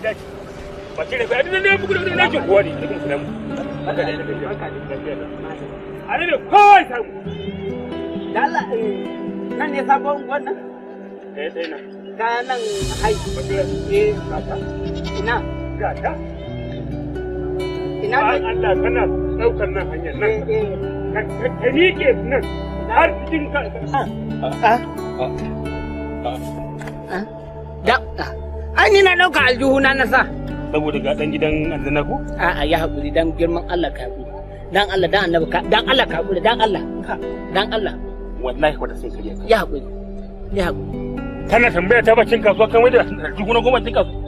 gida ba ne bugu da kuwa ne haka da ne eh, nan ne sabon wannan eh ka nan hai eh ina ga ta ina Allah kana daukar nan hanyar nan eh, eh. ka miƙe nan har cikin ka a a a a ai ni na dauka aljuhu na sa saboda ga dan gidan aljanna ko a'a ya hakuri dan girman Allah ka hakuri dan Allah dan annabi ka dan Allah ka hakuri dan Allah dan Allah wallahi wata sai ka ya hakuri ya hakuri kana tambaya ta bakin kasuwa kan wai da na goma cikin kasuwa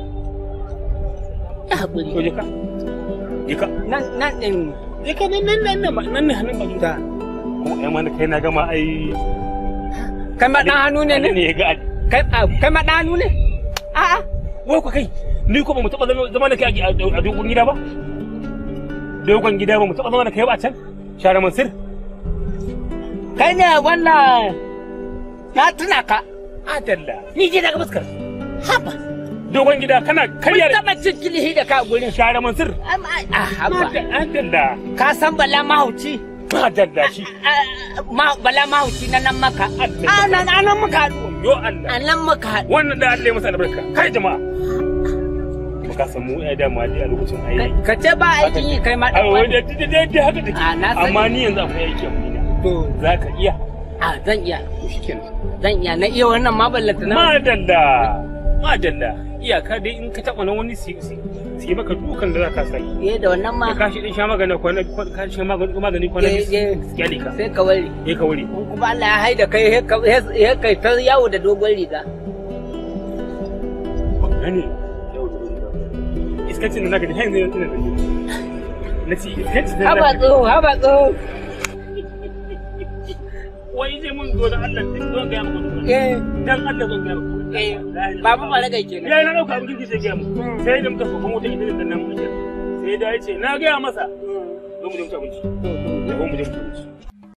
ya hakuri Ko jika? Jika. nan nan din Jika nan nan nan nan nan nan hannun bajuta ko ai mana kai na gama ai kai ma dan hannu ne ne kai ma dan hannu ne a'a wai ku kai ni ko ba mu taba zama da kai a dogon gida ba dogon gida ba mu taba zama da kai ba can share mansur kai ne wannan na tuna ka adalla ni je daga fuskar haba dogon gida kana karya da taba cikin kilihi da ka gurin share A haba adalla ka san bala mahauci adalla shi bala mahauci na nan maka a nan maka yo Allah Allah maka haɗu wannan da Allah ya masa albarka kai jama'a ka san mu ya dama a lokacin aiki ka ce ba aikin yi kai ma a wani da da haka da ke. amma ni yanzu akwai aiki a mina to za ka iya a zan iya to shikenan zan iya na iya wannan ma ballata na madalla madalla iyaka dai in ka taba nan wani su yi maka dukan da za ka sai eh da wannan ma ka shi din sha magana kwana ka sha magani magani kwana biyu kyale eh, eh. ka sai ka ware eh ka ware in kuma Allah ya haida kai he kai ta yawo da dogon riga gani iskacin da naka da hayin zai tana da na ci iskacin da haba tsoho haba tsoho wai zai mun zo da Allah duk zo ga mu eh dan Allah zo ga mu eh babu ke kenan yayi na dauka abin kirki ga mu sai da muka sokon wata gidan da nan muke sai da yace na ga masa mm. zo mu je mu mu je mu